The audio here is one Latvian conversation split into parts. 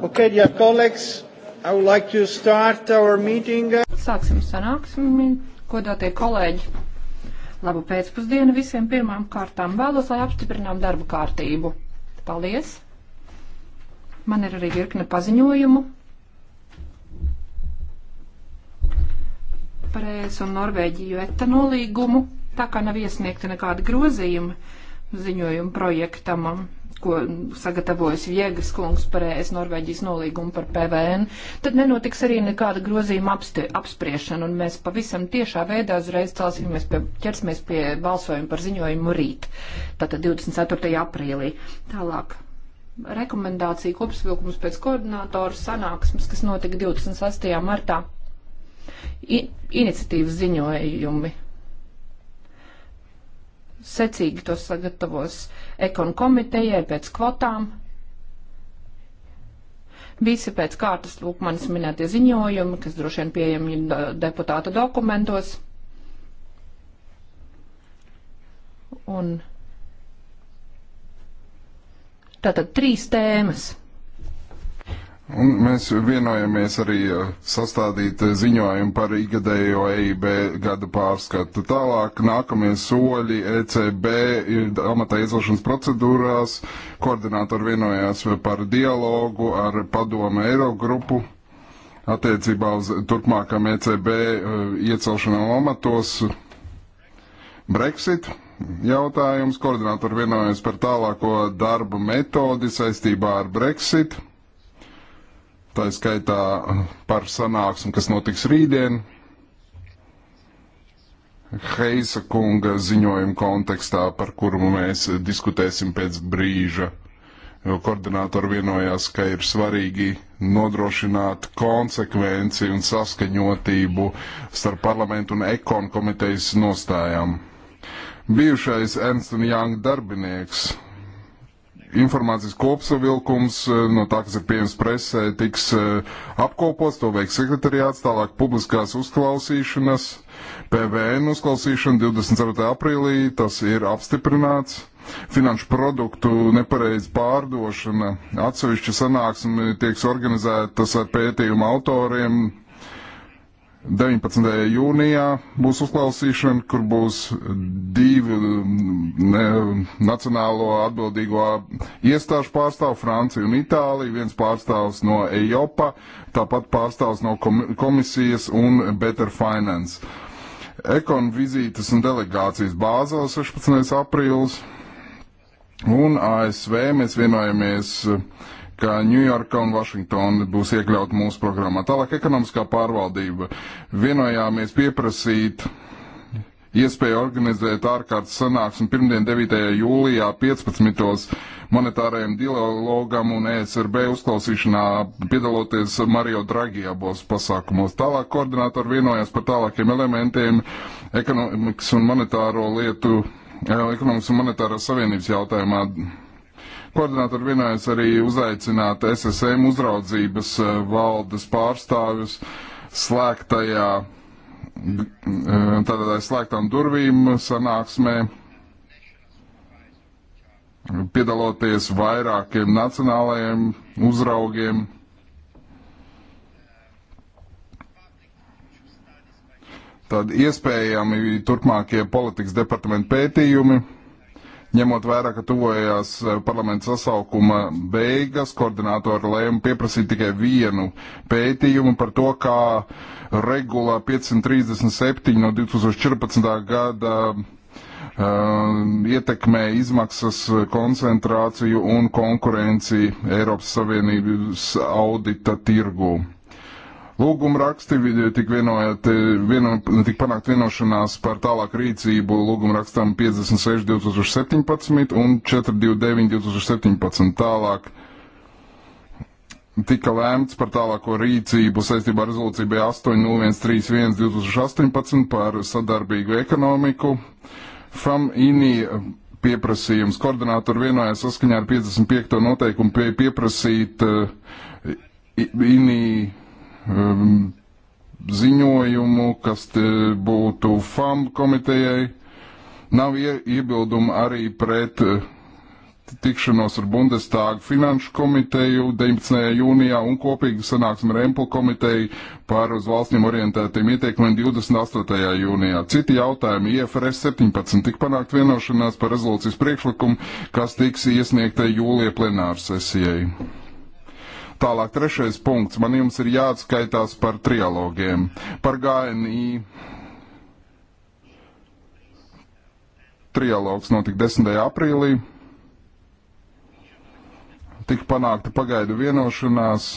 Okay, dear colleagues, I would like to start our meeting. Sāksim sanāksmi, kodotie kolēģi. Labu pēcpusdienu visiem pirmām kārtām vēlos, lai apstiprinām darbu kārtību. Paldies! Man ir arī virkne paziņojumu. Par ES un Norvēģiju etanolīgumu, tā kā nav iesniegta nekāda grozījuma ziņojuma projektamam ko sagatavojas Viegas kungs par ES Norvēģijas nolīgumu par PVN, tad nenotiks arī nekāda grozījuma apsti, apspriešana, un mēs pavisam tiešā veidā uzreiz celsimies pie, ķersimies pie balsojuma par ziņojumu rīt, tātad 24. aprīlī. Tālāk. Rekomendācija kopsvilkums pēc koordinātoru sanāksmes, kas notika 26. martā. I, iniciatīvas ziņojumi secīgi to sagatavos ekonu komitejai pēc kvotām. Visi pēc kārtas, lūk, manis minētie ziņojumi, kas droši vien pieejami deputāta dokumentos. Un tātad trīs tēmas Un mēs vienojamies arī uh, sastādīt uh, ziņojumu par ikgadējo EIB gada pārskatu. Tālāk nākamie soļi ECB amatā iecelšanas procedūrās. Koordinātori vienojās par dialogu ar padomu Eirogrupu attiecībā uz turpmākam ECB uh, iecelšanām amatos. Brexit jautājums. Koordinātori vienojās par tālāko darba metodi saistībā ar Brexit tā skaitā par sanāksmi, kas notiks rītdien, Heisa kunga ziņojuma kontekstā, par kuru mēs diskutēsim pēc brīža. Jo koordinātori vienojās, ka ir svarīgi nodrošināt konsekvenci un saskaņotību starp parlamentu un ekonu komitejas nostājām. Bijušais Ernst Young darbinieks informācijas kopsavilkums eh, no tā, kas ir pieejams presē, tiks eh, apkopots, to veiks sekretariāts, tālāk publiskās uzklausīšanas, PVN uzklausīšana 24. aprīlī, tas ir apstiprināts. Finanšu produktu nepareiz pārdošana, atsevišķa sanāksme tieks organizētas ar pētījumu autoriem, 19. jūnijā būs uzklausīšana, kur būs divi mm, ne, nacionālo atbildīgo iestāžu pārstāvi, Francija un Itālija, viens pārstāvs no EIOPA, tāpat pārstāvs no komisijas un Better Finance. Ekon vizītes un delegācijas bāzē 16. aprīlis un ASV mēs vienojamies uh, ka Ņujorka un Vašingtona būs iekļaut mūsu programmā. Tālāk ekonomiskā pārvaldība. Vienojāmies pieprasīt iespēju organizēt ārkārtas sanāksmi pirmdien 9. jūlijā 15. monetārajam dialogam un ESRB uzklausīšanā piedaloties Mario Draghi abos pasākumos. Tālāk koordinātori vienojās par tālākiem elementiem ekonomikas un monetāro lietu, eh, ekonomikas un monetāras savienības jautājumā Koordinātori vienojas arī uzaicināt SSM uzraudzības eh, valdes pārstāvis slēgtajā, eh, tātad aizslēgtām durvīm sanāksmē, piedaloties vairākiem nacionālajiem uzraugiem. Tad iespējami turpmākie politikas departamenta pētījumi. Ņemot vērā, ka tuvojās eh, parlamenta sasaukuma beigas, koordinātori lēma pieprasīt tikai vienu pētījumu par to, kā regulā 537 no 2014. gada eh, ietekmē izmaksas koncentrāciju un konkurenci Eiropas Savienības audita tirgū. Lūguma raksti tik, vienojot, vieno, tik panākt vienošanās par tālāku rīcību lūguma rakstam 56 2017 un 429 2017 tālāk. Tika lēmts par tālāko rīcību saistībā ar rezolūciju B80131 2018 par sadarbīgu ekonomiku. FAM INI pieprasījums. Koordinātori vienojās saskaņā ar 55. noteikumu pie, pieprasīt uh, INI um, ziņojumu, kas būtu FAM komitejai. Nav iebildumu arī pret uh, tikšanos ar Bundestāgu finanšu komiteju 19. jūnijā un kopīgi sanāksim ar Emplu komiteju par uz valstīm orientētiem ieteikumiem 28. jūnijā. Citi jautājumi IFRS 17 tik panākt vienošanās par rezolūcijas priekšlikumu, kas tiks iesniegta jūlija plenāru sesijai. Tālāk, trešais punkts. Man jums ir jāatskaitās par trialogiem, par GNI. Trialogs notika 10. aprīlī. Tik panākta pagaidu vienošanās.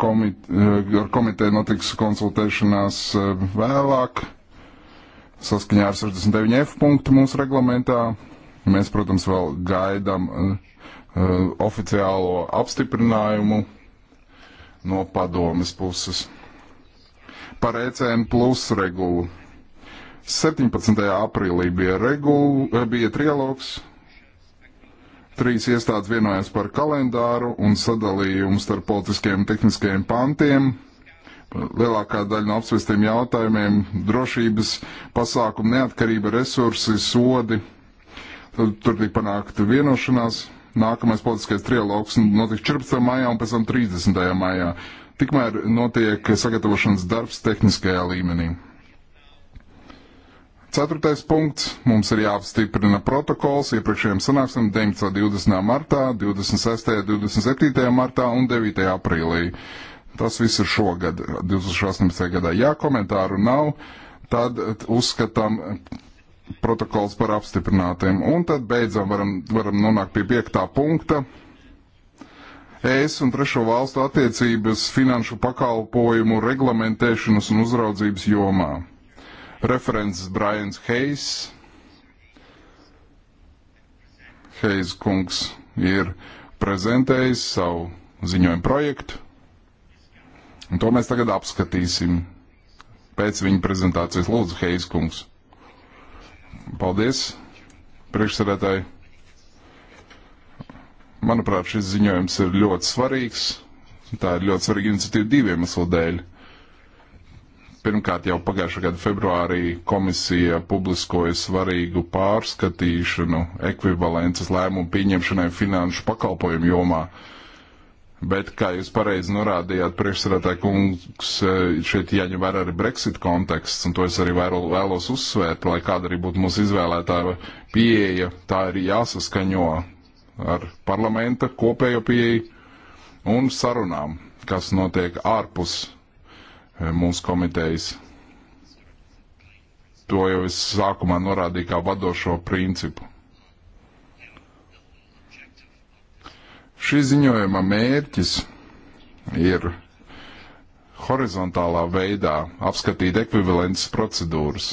Komit, eh, ar komiteju notiks konsultēšanās eh, vēlāk, saskaņā ar 69F punktu mūsu reglamentā. Mēs, protams, vēl gaidām eh, Uh, oficiālo apstiprinājumu no padomes puses. Par ECN plus regulu. 17. aprīlī bija, regula, eh, bija trialogs. Trīs iestādes vienojās par kalendāru un sadalījumu starp politiskiem un tehniskajiem pantiem. Lielākā daļa no apsvestiem jautājumiem - drošības pasākumu neatkarība, resursi, sodi. Tur tika panākta vienošanās nākamais politiskais trialogs notiks 14. maijā un pēc tam 30. maijā. Tikmēr notiek sagatavošanas darbs tehniskajā līmenī. Ceturtais punkts. Mums ir jāapstiprina protokols iepriekšējiem sanāksmēm 19. 20. martā, 26. 27. martā un 9. aprīlī. Tas viss ir šogad, 2018. gadā. Ja komentāru nav, tad uzskatām protokols par apstiprinātiem. Un tad beidzam varam, varam nonākt pie piektā punkta. ES un trešo valstu attiecības finanšu pakalpojumu reglamentēšanas un uzraudzības jomā. Referents Brians Heis. Heis kungs ir prezentējis savu ziņojumu projektu. Un to mēs tagad apskatīsim pēc viņa prezentācijas. Lūdzu, Heis kungs. Paldies, priekšsēdētāji. Manuprāt, šis ziņojums ir ļoti svarīgs. Tā ir ļoti svarīga iniciatīva diviem iemeslu dēļ. Pirmkārt, jau pagājušā gada februārī komisija publiskoja svarīgu pārskatīšanu ekvivalences lēmumu pieņemšanai finanšu pakalpojumu jomā. Uh, Bet, kā jūs pareizi norādījāt, priekšsarētāji kungs, e, šeit jāņem vērā arī Brexit konteksts, un to es arī vēlos uzsvērt, lai kāda arī būtu mūsu izvēlētāja pieeja, tā ir jāsaskaņo ar parlamenta kopējo pieeju un sarunām, kas notiek ārpus e, mūsu komitejas. To jau es sākumā norādīju kā vadošo principu. Šī ziņojuma mērķis ir horizontālā veidā apskatīt ekvivalents procedūras.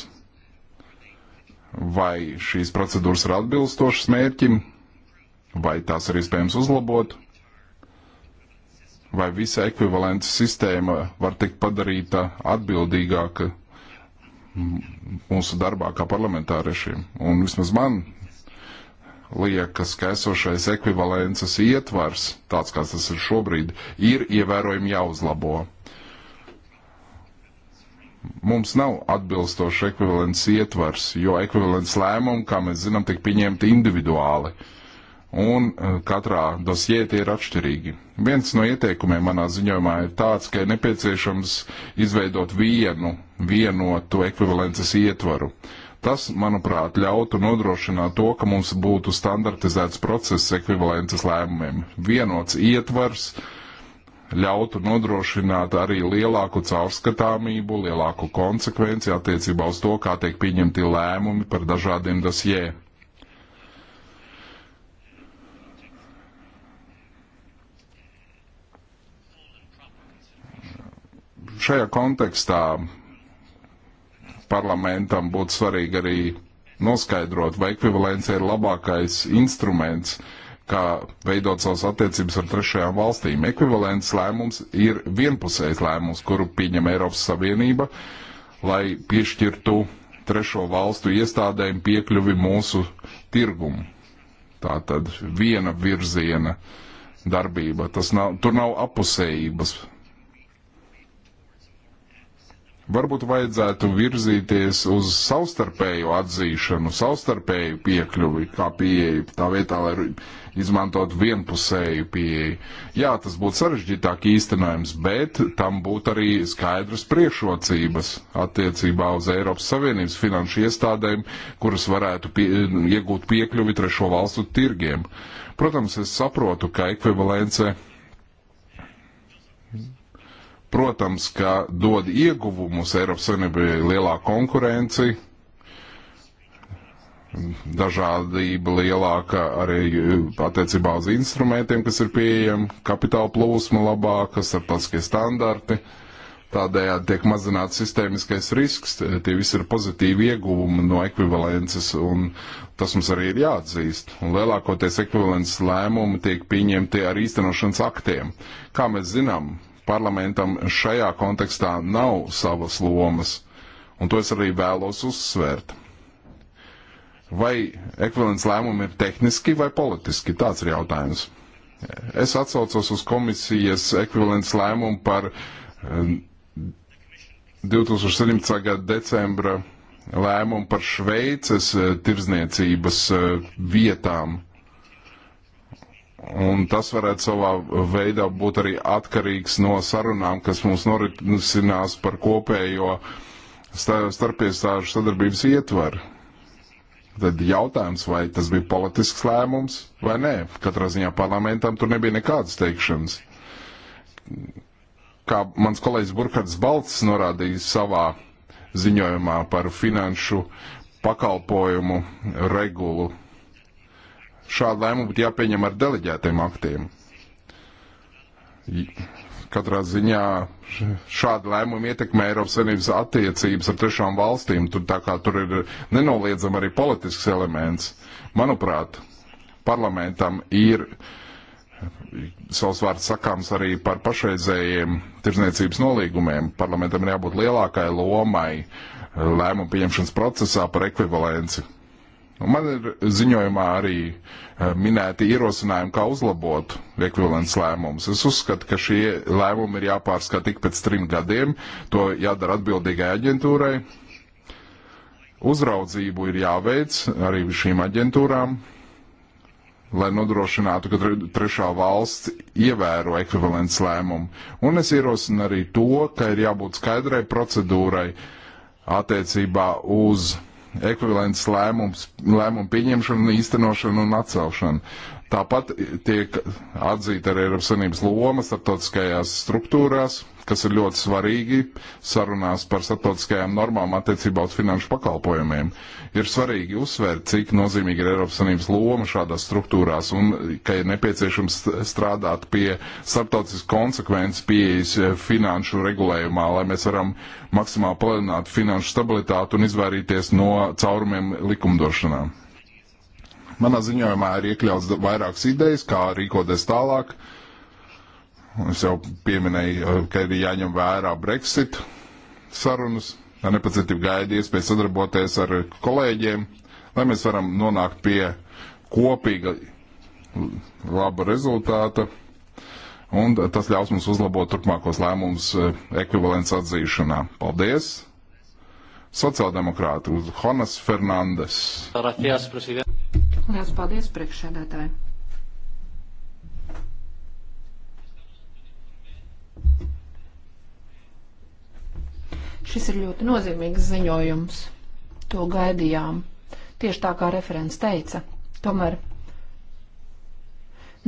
Vai šīs procedūras ir atbilstošas mērķim, vai tās ir iespējams uzlabot, vai visa ekvivalents sistēma var tikt padarīta atbildīgāka mūsu darbā kā parlamentāriešiem. Un vismaz man liekas, ka esošais ekvivalences ietvars, tāds kāds tas ir šobrīd, ir ievērojami jāuzlabo. Mums nav atbilstoši ekvivalents ietvars, jo ekvivalents lēmumi, kā mēs zinām, tiek pieņemti individuāli. Un e, katrā dosjē tie ir atšķirīgi. Viens no ieteikumiem manā ziņojumā ir tāds, ka ir nepieciešams izveidot vienu vienotu ekvivalences ietvaru. Uh, Tas, manuprāt, ļautu nodrošināt to, ka mums būtu standartizēts process ekvivalences lēmumiem. Vienots ietvars ļautu nodrošināt arī lielāku caurskatāmību, lielāku konsekvenci attiecībā uz to, kā tiek pieņemti lēmumi par dažādiem dosjē. Šajā kontekstā parlamentam būtu svarīgi arī noskaidrot, vai ekvivalence ir labākais instruments, kā veidot savas attiecības ar trešajām valstīm. Ekvivalents lēmums ir vienpusējs lēmums, kuru pieņem Eiropas Savienība, lai piešķirtu trešo valstu iestādēm piekļuvi mūsu tirgumu. Tā tad viena virziena darbība. Tas nav, tur nav apusējības Varbūt vajadzētu virzīties uz savstarpēju atzīšanu, savstarpēju piekļuvi, kā pieeju, tā vietā, lai izmantot vienpusēju pieeju. Jā, tas būtu sarežģītāk īstenojams, bet tam būtu arī skaidras priekšrocības attiecībā uz Eiropas Savienības finanšu iestādēm, kuras varētu pie, iegūt piekļuvi trešo valstu tirgiem. Protams, es saprotu, ka ekvivalence protams, ka dod ieguvumus Eiropas Savienībai lielā konkurenci, dažādība lielāka arī uh, attiecībā uz instrumentiem, kas ir pieejami, kapitāla plūsma labāka, starptautiskie standarti. Tādējādi tiek mazināts sistēmiskais risks, tie visi ir pozitīvi ieguvumi no ekvivalences, un tas mums arī ir jāatzīst. Un lielākoties ekvivalences lēmumi tiek pieņemti ar īstenošanas aktiem. Kā mēs zinām, parlamentam šajā kontekstā nav savas lomas, un to es arī vēlos uzsvērt. Vai ekvivalents lēmumi ir tehniski vai politiski? Tāds ir jautājums. Es atsaucos uz komisijas ekvivalents lēmumu par 2017. Eh, gada decembra lēmumu par Šveices eh, tirzniecības eh, vietām Un tas varētu savā veidā būt arī atkarīgs no sarunām, kas mums norisinās par kopējo starpiestāžu sadarbības ietvaru. Tad jautājums, vai tas bija politisks lēmums vai nē. Katrā ziņā parlamentam tur nebija nekādas teikšanas. Kā mans kolēģis Burkhards Balts norādīja savā ziņojumā par finanšu pakalpojumu regulu šādu lēmumu būtu jāpieņem ar deleģētiem aktiem. Katrā ziņā šāda lēmuma ietekmē Eiropas Savienības attiecības ar trešām valstīm. Tur, kā, tur ir nenoliedzami arī politisks elements. Manuprāt, parlamentam ir savs vārds sakāms arī par pašreizējiem tirzniecības nolīgumiem. Parlamentam ir jābūt lielākai lomai lēmumu pieņemšanas procesā par ekvivalenci. Man ir ziņojumā arī eh, minēti ierosinājumi, kā uzlabot ekvivalents lēmumus. Es uzskatu, ka šie lēmumi ir jāpārskata tik pēc trim gadiem, to jādara atbildīgai aģentūrai. Uzraudzību ir jāveic arī šīm aģentūrām, lai nodrošinātu, ka trešā valsts ievēro ekvivalents lēmumu. Un es ierosinu arī to, ka ir jābūt skaidrai procedūrai attiecībā uz ekvivalents lēmums, lēmumu pieņemšanu, īstenošanu un atcelšanu. Tāpat tiek atzīta arī Eiropas Savienības loma starptautiskajās struktūrās, kas ir ļoti svarīgi sarunās par starptautiskajām normām attiecībā uz finanšu pakalpojumiem. Ir svarīgi uzsvērt, cik nozīmīga ir Eiropas Savienības loma šādās struktūrās un ka ir nepieciešams strādāt pie starptautiskas konsekvences pieejas finanšu regulējumā, lai mēs varam maksimāli palielināt finanšu stabilitātu un izvairīties no caurumiem likumdošanā. Manā ziņojumā ir iekļauts vairākas idejas, kā rīkoties tālāk. Uh, Es jau pieminēju, eh, ka ir jāņem vērā Brexit sarunas. Ar nepacietību gaidu iespēju sadarboties ar kolēģiem, lai mēs varam nonākt pie kopīga laba rezultāta. Un tas ļaus mums uzlabot turpmākos lēmumus eh, ekvivalents atzīšanā. Paldies! Sociāldemokrāti, Honas Fernandes. Lielas paldies, priekšsēdētāji! Šis ir ļoti nozīmīgs ziņojums. To gaidījām. Tieši tā kā referents teica. Tomēr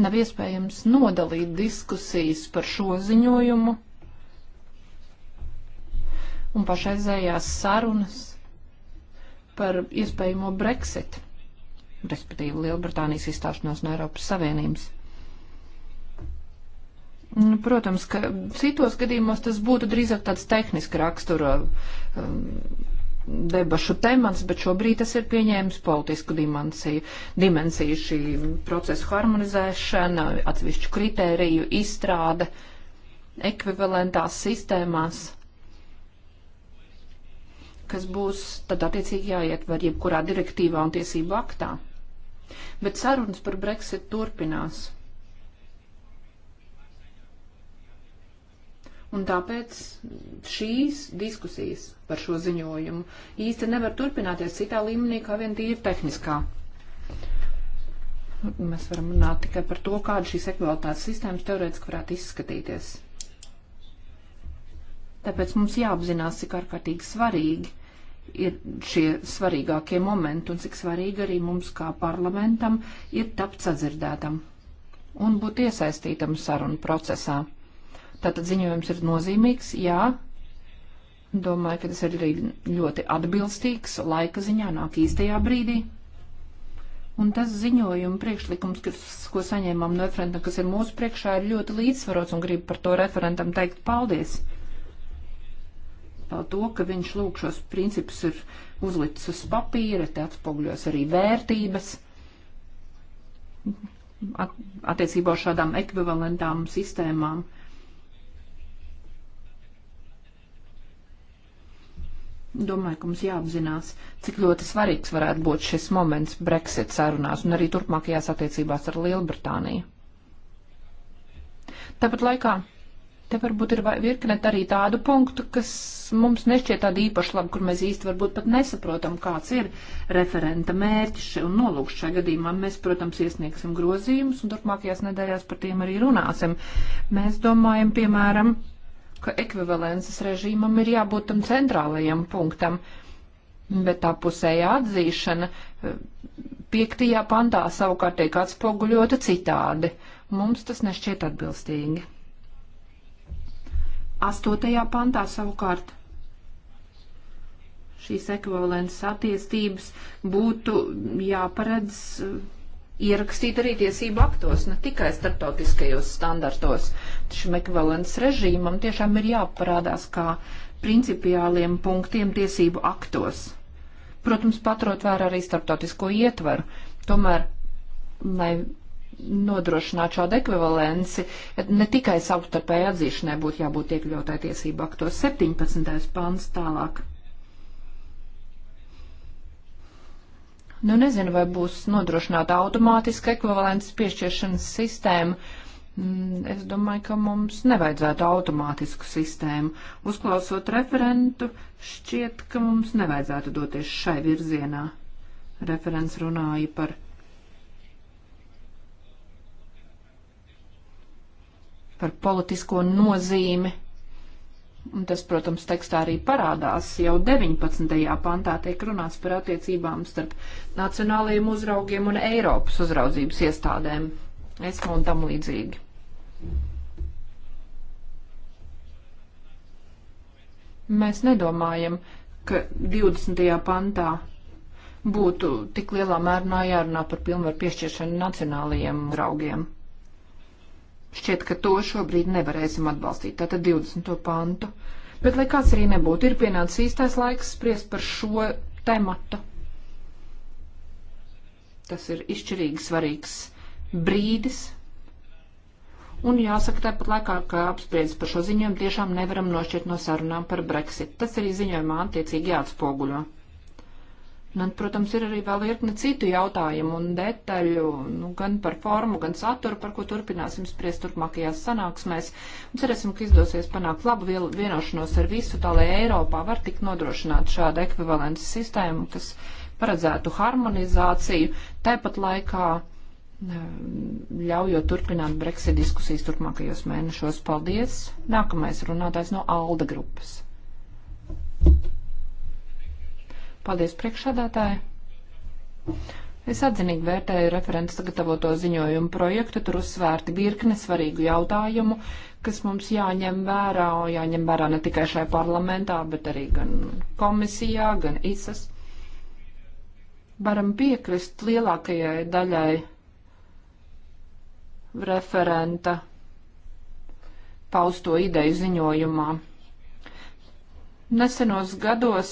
nav iespējams nodalīt diskusijas par šo ziņojumu un pašreizējās sarunas par iespējamo Brexit, respektīvi Lielbritānijas izstāšanos no Eiropas Savienības. Mm, protams, ka citos gadījumos tas būtu drīzāk tāds tehniska rakstura um, debašu temats, bet šobrīd tas ir pieņēmis politisku dimensiju, dimensiju šī procesa harmonizēšana, atsevišķu kritēriju izstrāde ekvivalentās sistēmās, kas būs tad attiecīgi jāietver jebkurā direktīvā un tiesību aktā. Bet sarunas par Brexit turpinās. Un tāpēc šīs diskusijas par šo ziņojumu īsti nevar turpināties citā līmenī, kā vien tīri tehniskā. Mēs varam runāt tikai par to, kāda šīs ekvivalitātes sistēmas teorētiski varētu izskatīties. Tāpēc mums jāapzinās, cik ārkārtīgi svarīgi ir šie svarīgākie momenti un cik svarīgi arī mums kā parlamentam ir tapt sadzirdētam un būt iesaistītam sarunu procesā. Tātad ziņojums ir nozīmīgs, jā. Domāju, ka tas ir arī ļoti atbilstīgs, laika ziņā nāk īstajā brīdī. Un tas ziņojuma priekšlikums, kas, ko saņēmām no referenta, kas ir mūsu priekšā, ir ļoti līdzsvarots un gribu par to referentam teikt paldies. Par to, ka viņš lūk šos principus ir uzlicis uz papīra, te atspoguļos arī vērtības at, attiecībā uz šādām ekvivalentām sistēmām. Domāju, ka mums jāapzinās, cik ļoti svarīgs varētu būt šis moments Brexit sarunās un arī turpmākajās attiecībās ar Lielbritāniju. Tāpat laikā Te varbūt ir virkne arī tādu punktu, kas mums nešķiet tādu īpaši labi, kur mēs īsti varbūt pat nesaprotam, kāds ir referenta mērķis un nolūks šajā gadījumā. Mēs, protams, iesniegsim grozījumus un turpmākajās nedēļās par tiem arī runāsim. Mēs domājam, piemēram, ka ekvivalences režīmam ir jābūt tam centrālajam punktam, bet tā pusēja atzīšana piektajā pantā savukārt tiek atspoguļota citādi. Mums tas nešķiet atbilstīgi. Astotajā pantā savukārt šīs ekvivalences attiestības būtu jāparedz ierakstīt arī tiesību aktos, ne tikai starptautiskajos standartos. Šim ekvivalents režīmam tiešām ir jāparādās kā principiāliem punktiem tiesību aktos. Protams, paturot vērā arī starptautisko ietvaru. Tomēr, lai nodrošinātu šādu ekvivalenci, ne tikai savstarpēji atzīšanai būtu jābūt iekļautai tiesību aktos 17. pāns tālāk. Nu, nezinu, vai būs nodrošināta automātiska ekvivalents piešķiršanas sistēma. Mm, es domāju, ka mums nevajadzētu automātisku sistēmu. Uzklausot referentu, šķiet, ka mums nevajadzētu doties šai virzienā. Referents runāja par par politisko nozīmi Un tas, protams, tekstā arī parādās. Jau 19. pantā tiek runāts par attiecībām starp nacionālajiem uzraugiem un Eiropas uzraudzības iestādēm. Es un tam līdzīgi. Mēs nedomājam, ka 20. pantā būtu tik lielā mērā jārunā par pilnvaru piešķiršanu nacionālajiem draugiem. Šķiet, ka to šobrīd nevarēsim atbalstīt, tātad 20. pantu. Bet, lai kāds arī nebūtu, ir pienācis īstais laiks spriest par šo tematu. Tas ir izšķirīgi svarīgs brīdis. Un jāsaka tāpat laikā, ka apspriedz par šo ziņojumu tiešām nevaram nošķirt no sarunām par Brexit. Tas arī ziņojumā attiecīgi jāatspoguļo. Nu, un, protams, ir arī vēl virkne citu jautājumu un detaļu, nu, gan par formu, gan saturu, par ko turpināsim spriest turpmākajās sanāksmēs. Un cerēsim, ka izdosies panākt labu vienošanos ar visu, tā lai Eiropā var tikt nodrošināt šāda ekvivalences sistēma, kas paredzētu harmonizāciju, tāpat laikā eh, ļaujot turpināt Brexit diskusijas turpmākajos mēnešos. Paldies! Nākamais runātājs no Alda grupas. Thank you. Paldies priekšādātāji. Es atzinīgi vērtēju referents sagatavoto ziņojumu projektu, tur uzsvērti virkne svarīgu jautājumu, kas mums jāņem vērā, jāņem vērā ne tikai šai parlamentā, bet arī gan komisijā, gan ISAS. Varam piekrist lielākajai daļai referenta pausto ideju ziņojumā. Nesenos gados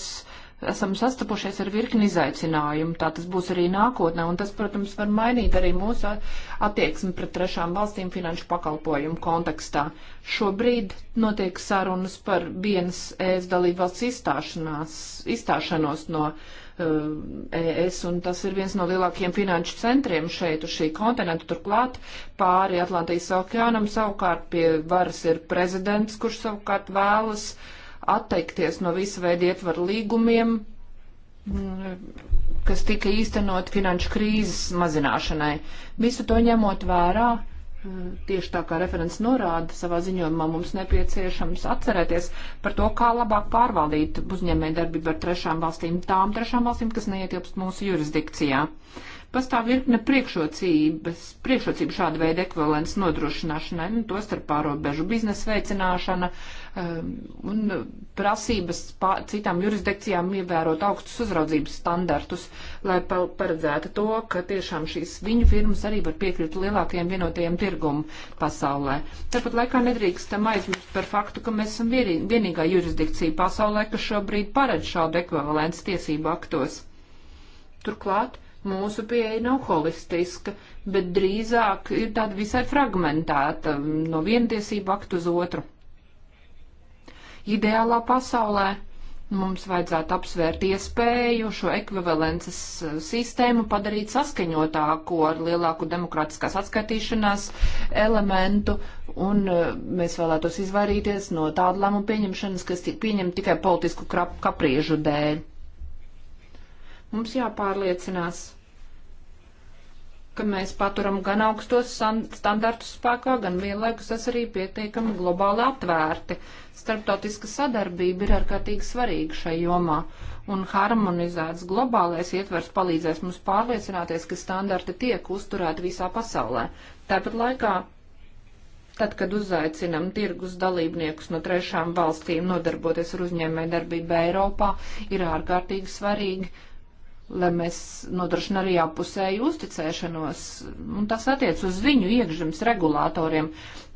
esam sastapušies ar virkni izaicinājumu. Tā tas būs arī nākotnē, un tas, protams, var mainīt arī mūsu attieksmi pret trešām valstīm finanšu pakalpojumu kontekstā. Šobrīd notiek sarunas par vienas ES dalībvalsts izstāšanos no uh, ES, un tas ir viens no lielākajiem finanšu centriem šeit uz šī kontinenta. Turklāt pāri Atlantijas okeānam savukārt pie varas ir prezidents, kurš savukārt vēlas uh, atteikties no visu veidu ietvaru līgumiem, mm, kas tika īstenot finanšu krīzes mazināšanai. Visu to ņemot vērā, mm, tieši tā kā referents norāda savā ziņojumā, mums nepieciešams atcerēties par to, kā labāk pārvaldīt uzņēmē darbību ar trešām valstīm, tām trešām valstīm, kas neietilpst mūsu jurisdikcijā. Uh, pastāv virkne priekšrocības, priekšrocība šāda veida ekvivalents nodrošināšanai, nu, to starp pārobežu biznesa veicināšana um, un prasības pār, citām jurisdikcijām ievērot augstus uzraudzības standartus, lai paredzētu to, ka tiešām šīs viņu firmas arī var piekļūt lielākajiem vienotajiem tirgumu pasaulē. Tāpat laikā nedrīkstam aizmirst par faktu, ka mēs esam vienīgā jurisdikcija pasaulē, kas šobrīd paredz šādu ekvivalents tiesību aktos. Turklāt Mūsu pieeja nav holistiska, bet drīzāk ir tāda visai fragmentēta no vienatiesību aktu uz otru. Ideālā pasaulē mums vajadzētu apsvērt iespēju šo ekvivalences eh, sistēmu padarīt saskaņotāko ar lielāku demokrātiskās atskaitīšanās elementu, un eh, mēs vēlētos izvairīties no tādu lēmumu pieņemšanas, kas tiek pieņemta tikai politisku kapriežu dēļ. Mums jāpārliecinās, ka mēs paturam gan augstos standartus spēkā, gan vienlaikus tas arī pietiekami globāli aptvērti. Starptautiska sadarbība ir ārkārtīgi svarīga šai jomā, un harmonizēts globālais ietvers palīdzēs mums pārliecināties, ka standarti tiek uzturēti visā pasaulē. Tāpat laikā Tad, kad uzaicinam tirgus dalībniekus no trešām valstīm nodarboties ar uzņēmējdarbību Eiropā, ir ārkārtīgi svarīgi lai mēs nodrošina arī apusēju uzticēšanos, un tas attiec uz viņu iekšzemes regulātoriem,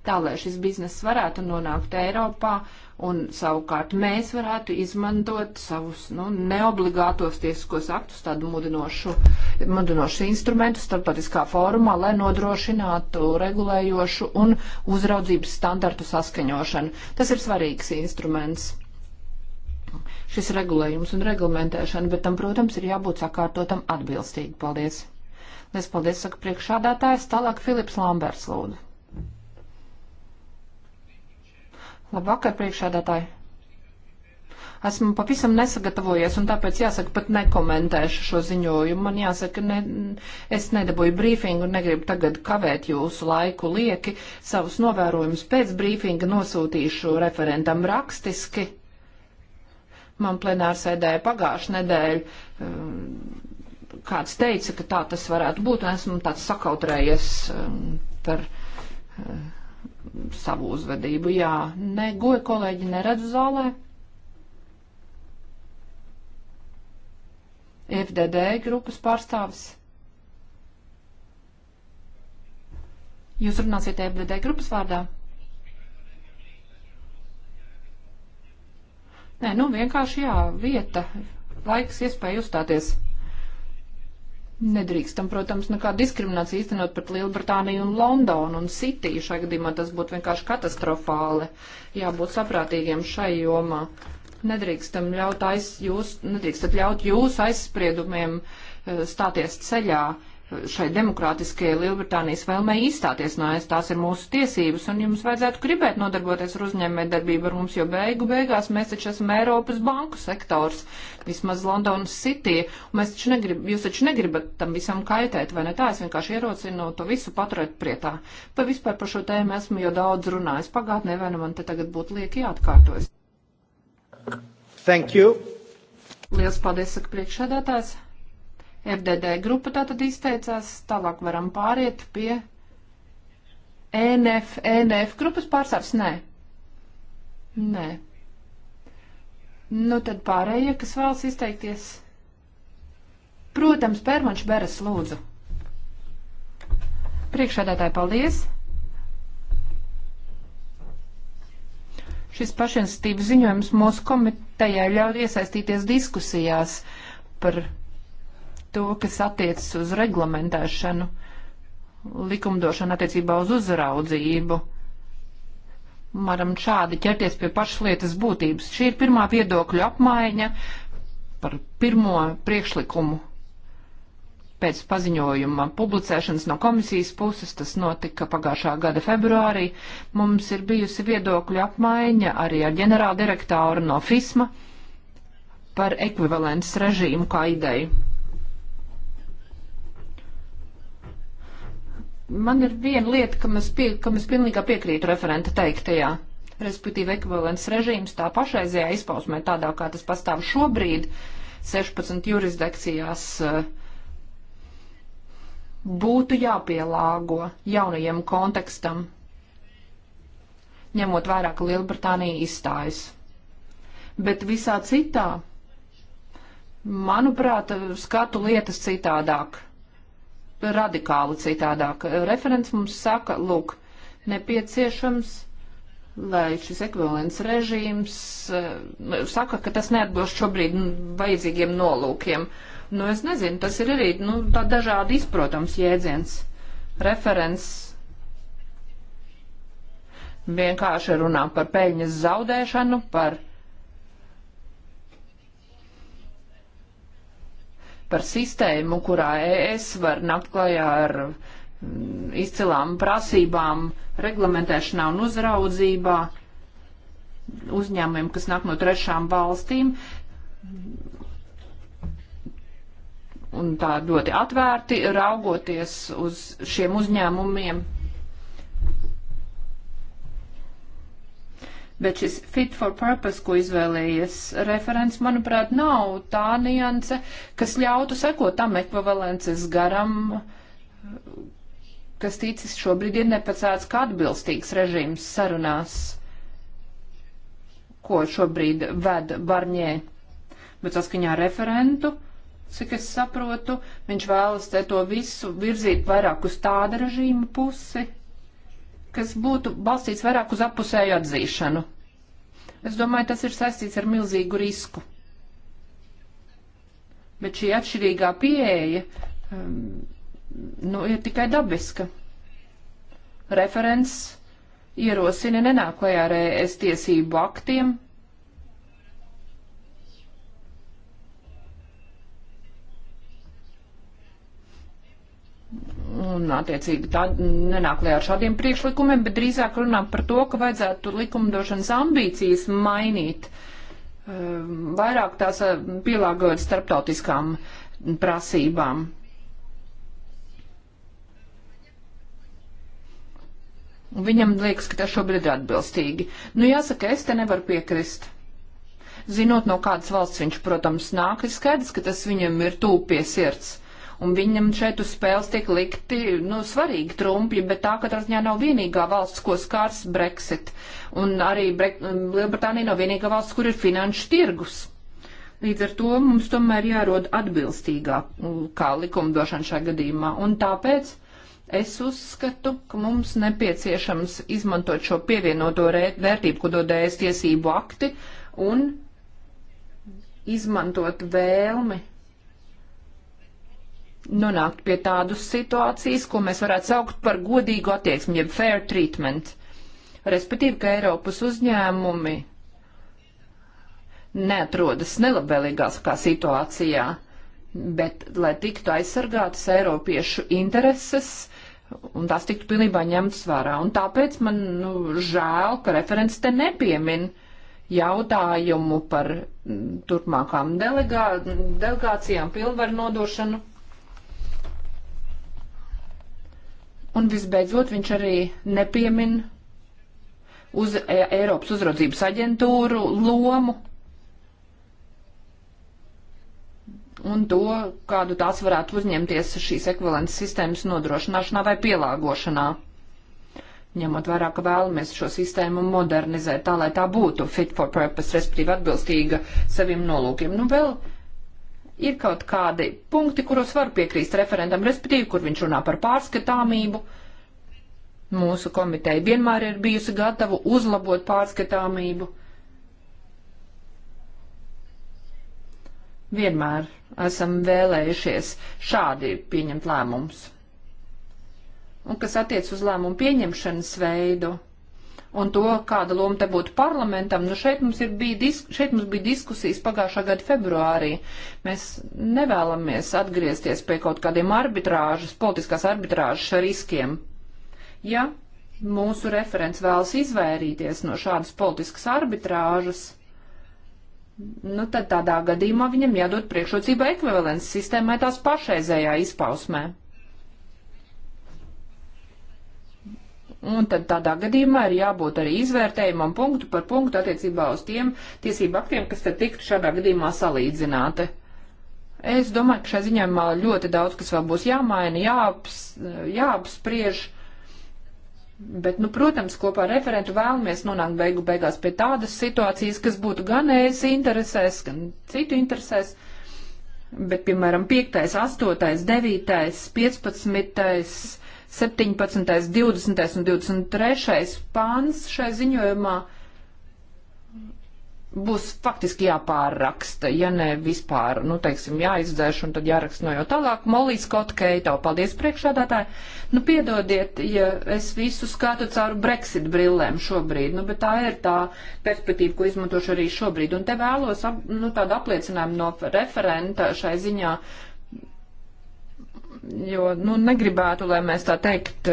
tā lai šis bizness varētu nonākt Eiropā, un savukārt mēs varētu izmantot savus nu, neobligātos tiesiskos aktus, tādu mudinošu, mudinošu instrumentu starptautiskā fórumā, lai nodrošinātu regulējošu un uzraudzības standartu saskaņošanu. Tas ir svarīgs instruments šis regulējums un reglamentēšana, bet tam, protams, ir jābūt sakārtotam atbilstīgi. Paldies! Lies paldies, saka priekšādātājs, tālāk Filips Lambers lūdzu. Labvakar, priekšādātāji! esmu pavisam nesagatavojies, un tāpēc jāsaka, pat nekomentēšu šo ziņojumu. Man jāsaka, ne, es nedabūju brīfingu un negribu tagad kavēt jūsu laiku lieki. Savus novērojumus pēc brīfinga nosūtīšu referentam rakstiski. Man plenārsēdē pagājušā nedēļa um, kāds teica, ka tā tas varētu būt, un esmu tāds sakautrējies um, par um, savu uzvedību. Jā, ne, goja kolēģi neredzu zālē. FDD grupas pārstāvis. Jūs runāsiet FDD grupas vārdā? Nē, nu vienkārši jā, vieta, laiks, iespēja uzstāties. Nedrīkstam, protams, nekādu diskrimināciju īstenot pret Lielbritāniju un Londonu un City. Šai gadījumā tas būtu vienkārši katastrofāli. Jābūt saprātīgiem šai jomā. Nedrīkstam ļaut aiz jūs, nedrīkstat ļaut jūsu aizspriedumiem eh, stāties ceļā. Uh, šai demokrātiskajai Lielbritānijas vēlmē izstāties no es, tās ir mūsu tiesības, un jums vajadzētu gribēt nodarboties ar uzņēmējdarbību ar mums, jo beigu beigās mēs taču esam Eiropas banku sektors, vismaz Londonas City, un mēs taču negrib, jūs taču negribat tam visam kaitēt, vai ne tā, es vienkārši ierocinu to visu paturēt prietā. Pa vispār par šo tēmu esmu jau daudz runājis pagātnē, vai nu man te tagad būtu lieki jāatkārtojas. Thank you. Liels paldies, saka priekšsēdētājs. FDD grupa tātad izteicās, tālāk varam pāriet pie ENF, ENF grupas pārstāvs, nē. Nē. Nu tad pārējie, kas vēlas izteikties. Protams, Pērmanš Beres lūdzu. Priekšādātāji, paldies! Šis pašinstīvas ziņojums mūsu komitejai ļauj iesaistīties diskusijās par to, kas attiecas uz reglamentēšanu, likumdošanu attiecībā uz uzraudzību. Maram šādi ķerties pie pašlietas būtības. Šī ir pirmā viedokļu apmaiņa par pirmo priekšlikumu pēc paziņojuma publicēšanas no komisijas puses, tas notika pagājušā gada februārī, mums ir bijusi viedokļu apmaiņa arī ar ģenerāldirektoru no FISMA par ekvivalents režīmu kā ideju. Man ir viena lieta, kam es, pie, kam es pilnīgā piekrītu referenta teiktajā. Respektīvi, ekvivalents režīms tā pašreizējā izpausmē, tādā kā tas pastāv šobrīd, 16 jurisdikcijās eh, būtu jāpielāgo jaunajiem kontekstam, ņemot vērā, ka Lielbritānija izstājas. Bet visā citā, manuprāt, skatu lietas citādāk radikāli citādāk. Referents mums saka, lūk, nepieciešams, lai šis ekvivalents režīms eh, saka, ka tas neatbilst šobrīd vajadzīgiem nolūkiem. Nu, es nezinu, tas ir arī, nu, tā dažādi izprotams jēdziens. Referents vienkārši runā par peļņas zaudēšanu, par par sistēmu, kurā es varu nakt klajā ar mm, izcilām prasībām, reglamentēšanā un uzraudzībā uzņēmumiem, kas nāk no trešām valstīm. Un tā ļoti atvērti raugoties uz šiem uzņēmumiem bet šis fit for purpose, ko izvēlējies referents, manuprāt, nav tā nianse, kas ļautu sekot tam ekvivalences garam, kas ticis šobrīd ir nepacēts kā atbilstīgs režīms sarunās, ko šobrīd ved Barņē. Bet saskaņā referentu, cik es saprotu, viņš vēlas te to visu virzīt vairāk uz tāda režīma pusi kas būtu balstīts vairāk uz apusēju atzīšanu. Es domāju, tas ir saistīts ar milzīgu risku. Bet šī atšķirīgā pieeja um, nu, ir tikai dabiska. Referents ierosina nenāklajā ar ES tiesību aktiem, un attiecīgi tā nenāk lē ar šādiem priekšlikumiem, bet drīzāk runā par to, ka vajadzētu likumdošanas ambīcijas mainīt, um, vairāk tās uh, pielāgojot starptautiskām prasībām. Viņam liekas, ka tas šobrīd ir atbilstīgi. Nu, jāsaka, es te nevaru piekrist. Zinot, no kādas valsts viņš, protams, nāk, ir skaidrs, ka tas viņam ir tūp pie sirds un viņam šeit uz spēles tiek likti, nu, svarīgi trumpļi, bet tā katrā ziņā nav vienīgā valsts, ko skārs Brexit, un arī Bre Lielbritānija nav vienīgā valsts, kur ir finanšu tirgus. Līdz ar to mums tomēr jārod atbilstīgākā mm, likumdošana šajā gadījumā, un tāpēc es uzskatu, ka mums nepieciešams izmantot šo pievienoto vērtību, ko dod ēst tiesību akti, un izmantot vēlmi nonākt pie tādas situācijas, ko mēs varētu saukt par godīgu attieksmi, jeb fair treatment. Respektīvi, ka Eiropas uzņēmumi neatrodas nelabvēlīgākā situācijā, bet, lai tiktu aizsargātas Eiropiešu intereses, un tās tiktu pilnībā ņemtas vērā. Un tāpēc man nu, žēl, ka referents te nepiemin jautājumu par mm, turpmākām delegā, delegācijām pilnvaru nodošanu Un visbeidzot, viņš arī nepiemin uz e, Eiropas uzraudzības aģentūru lomu un to, kādu tās varētu uzņemties šīs ekvivalents sistēmas nodrošināšanā vai pielāgošanā. Ņemot vērā, ka vēlamies šo sistēmu modernizēt tā, lai tā būtu fit for purpose, respektīvi atbilstīga saviem nolūkiem. Nu, vēl ir kaut kādi punkti, kuros var piekrīst referendam, respektīvi, kur viņš runā par pārskatāmību. Mūsu komiteja vienmēr ir bijusi gatava uzlabot pārskatāmību. Vienmēr esam vēlējušies šādi pieņemt lēmumus. Un kas attiec uz lēmumu pieņemšanas veidu? un to, kāda loma te būtu parlamentam, nu šeit mums, bija šeit mums bija diskusijas pagājušā gada februārī. Mēs nevēlamies atgriezties pie kaut kādiem arbitrāžas, politiskās arbitrāžas riskiem. Ja mūsu referents vēlas izvairīties no šādas politiskas arbitrāžas, nu tad tādā gadījumā viņam jādod priekšrocība ekvivalents sistēmai tās pašreizējā izpausmē. Un tad tādā gadījumā ir jābūt arī izvērtējumam punktu par punktu attiecībā uz tiem tiesību aktiem, kas te tiktu šādā gadījumā salīdzināti. Es domāju, ka šai ziņā ļoti daudz, kas vēl būs jāmaina, jāaps, jāapspriež. Bet, nu, protams, kopā ar referentu vēlamies nonākt beigu beigās pie tādas situācijas, kas būtu gan es interesēs, gan citu interesēs. Bet, piemēram, 5., 8., 9., 15 17., 20. un 23. pāns šai ziņojumā būs faktiski jāpārraksta, ja ne vispār, nu, teiksim, jāizdzēš un tad jāraksta no jau tālāk. Molīs kaut keitau, paldies priekšādātāji. Nu, piedodiet, ja es visu skatu caur Brexit brillēm šobrīd, nu, bet tā ir tā perspektīva, ko izmantošu arī šobrīd. Un te vēlos, ap, nu, tādu apliecinājumu no referenta šai ziņā jo, nu, negribētu, lai mēs tā teikt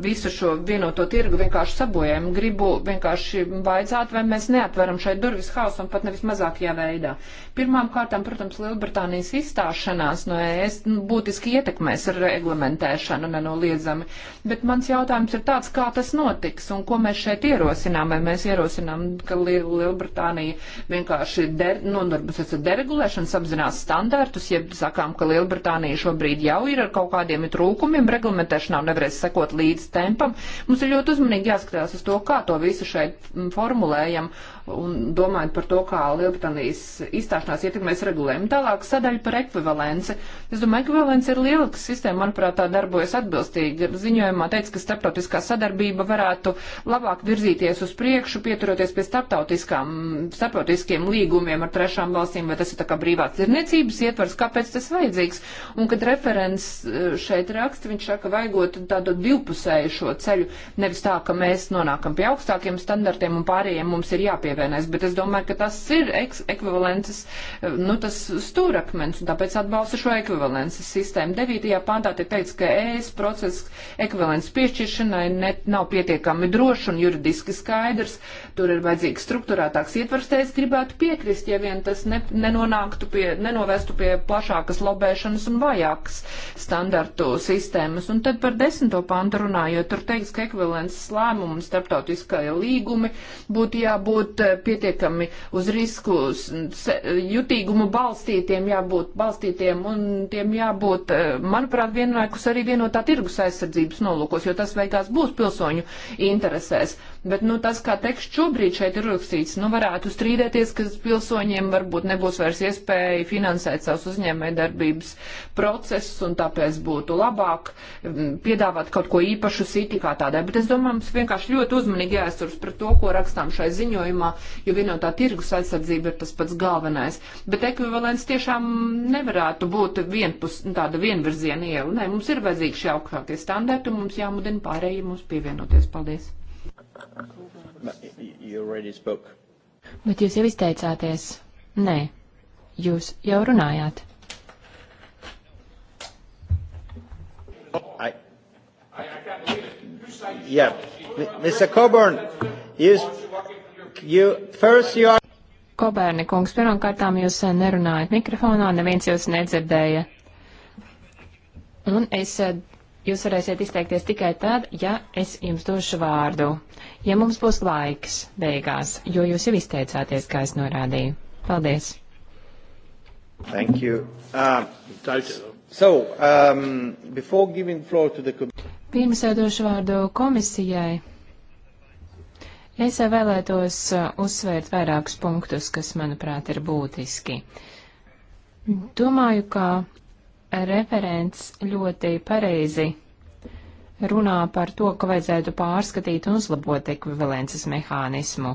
visu šo vienoto tirgu vienkārši sabojājam. Gribu vienkārši vajadzāt, vai mēs neatveram šai durvis hausam pat nevis mazākajā veidā. Pirmām kārtām, protams, Lielbritānijas izstāšanās no ES nu, būtiski ietekmēs reglamentēšanu nenoliedzami. Bet mans jautājums ir tāds, kā tas notiks un ko mēs šeit ierosinām. Vai mēs ierosinām, ka Lielbritānija vienkārši der, nonarbosies ar deregulēšanas apzinās standartus, jeb sakām, ka Lielbritānija šobrīd jau ir ar kaut kādiem trūkumiem reglamentēšanā un nevarēs sekot līdzi tempam. Mums ir ļoti uzmanīgi jāskatās uz to, kā to visu šeit mm, formulējam un domājot par to, kā Lielbritānijas izstāšanās ietekmēs regulējumu. Tālāk sadaļa par ekvivalenci. Es domāju, ekvivalence ir liela, ka sistēma, manuprāt, tā darbojas atbilstīgi. Ziņojumā teica, ka starptautiskā sadarbība varētu labāk virzīties uz priekšu, pieturoties pie starptautiskiem līgumiem ar trešām valstīm, vai tas ir tā kā brīvās tirniecības ietvars, kāpēc tas vajadzīgs. Un, kad referents eh, šeit raksta, viņš saka, vajagot tādu divpusēju šo ceļu, nevis tā, ka mēs nonākam pie augstākiem standartiem un pārējiem mums ir jāpie pievienojas, bet es domāju, ka tas ir ekvivalences, nu tas stūrakmens, un tāpēc atbalsta šo ekvivalences sistēmu. 9. pāntā tiek teikts, ka ES process ekvivalences piešķiršanai net, nav pietiekami drošs un juridiski skaidrs, tur ir vajadzīgs struktūrētāks ietvars, te es gribētu piekrist, ja vien tas ne, nenonāktu pie, nenovestu pie plašākas lobēšanas un vajākas standartu sistēmas. Un tad par desmito pantu runājot, tur teiks, ka ekvivalences lēmumu starptautiskai līgumi būtu jābūt jābūt eh, pietiekami uz risku jutīgumu balstītiem, jābūt balstītiem un tiem jābūt, eh, manuprāt, vienlaikus arī vienotā tirgus aizsardzības nolūkos, jo tas beigās būs pilsoņu interesēs bet, nu, tas, kā teksts šobrīd šeit ir rakstīts, nu, varētu strīdēties, ka pilsoņiem varbūt nebūs vairs iespēja finansēt savus uzņēmēju darbības procesus, un tāpēc būtu labāk mm, piedāvāt kaut ko īpašu sīti kā tādai. Bet es domāju, mums vienkārši ļoti uzmanīgi jāizturas pret to, ko rakstām šai ziņojumā, jo vienotā tirgus aizsardzība ir tas pats galvenais. Bet ekvivalents tiešām nevarētu būt vienpus, tāda vienvirziena iela. Nē, mums ir vajadzīgi šie augstākie standarti, un mums jāmudina pārējiem mums pievienoties. Paldies! Bet jūs jau izteicāties. Nē, jūs jau runājāt. I, yeah. Mr. Coburn, you, you, first you are... Kobērni kungs, pirmkārtām jūs eh, nerunājat mikrofonā, neviens jūs nedzirdēja. Un es eh, jūs varēsiet izteikties tikai tad, ja es jums došu vārdu. Ja mums būs laiks beigās, jo jūs jau izteicāties, kā es norādīju. Paldies! Thank you. Uh, so, um, before giving floor to the Pirms jau došu vārdu komisijai. Es vēlētos uh, uzsvērt vairākus punktus, kas, manuprāt, ir būtiski. Domāju, ka referents ļoti pareizi runā par to, ka vajadzētu pārskatīt un uzlabot ekvivalences mehānismu.